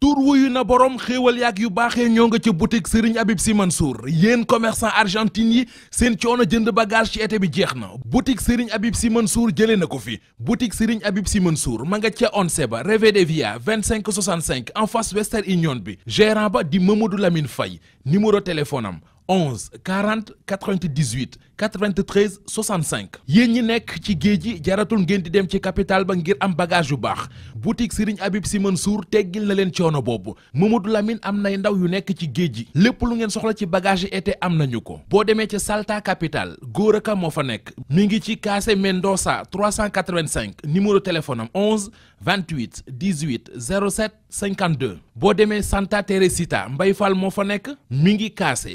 tur wuyu na borom xéewal yaag yu baaxee ñoo nga ca boutique Serigne Habib Sy suur yéen commerçant argentine yi seen coono jënd bagage ci été bi jeex na boutique Serigne si Sy suur jëlee na ko fi boutique Serigne si mën suur ma nga ca onse ba Reve de Via 25 65 en face Western Union bi geran ba di Mamadou Lamine fay numéro téléphone am 11 40 98 93 65 yéen ñi nekk ci géej gi jaratul ngeen di dem ci capital ba ngir am bagage yu baax boutique Serigne Habib Sy Mansour teggil na leen coono boobu Mamadou Lamine am nay ndaw yu nekk ci géej gi lépp lu ngeen soxla ci bagage yi été am nañu ko boo demee ca Salta capital góor a moo fa nekk mi ngi ci Case Mendoza 385 numéro téléphone am 11 28 18 07 52 boo demee Santa Teresita Mbaye Fall moo fa nekk mi ngi Case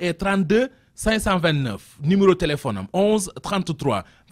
et 32 529 numéro téléphone am 11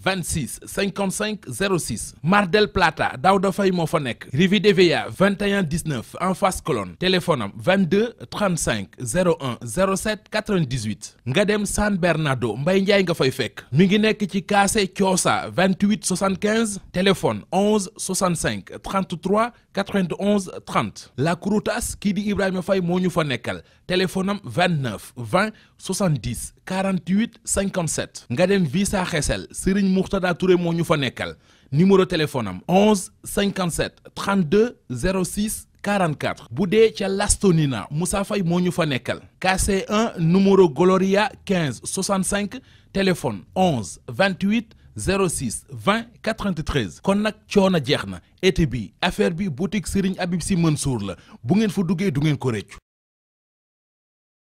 26 55 06 Mar del Plata daw dafay moo fa nekk Rivadavia 21 19 en face Colonne téléphone am 22 35 01 07 98 nga dem San Bernardo mbay Ndiaye nga fay fekk mi ngi nekk ci Kaase Coosa 28 75 téléphone 11 65 33 91 30 La Croutas kii di Ibrahima fay moo ñu fa nekkal téléphone am 29 20 70 48 57 nga dem Visa Xesel Serigne Mourtada Touré moo ñu fa nekkal numéro téléphone am 11 57 32 06 44 bu dee ca Lastonina Moussa Faye moo ñu fa nekkal KC1 numéro Gloria 15 65 téléphone 11 28 06 20 93 kon nag coono jeex na été bi affaire bi boutique Serigne si mën Mansour la bu ngeen fa duggee du ngeen ko rëccu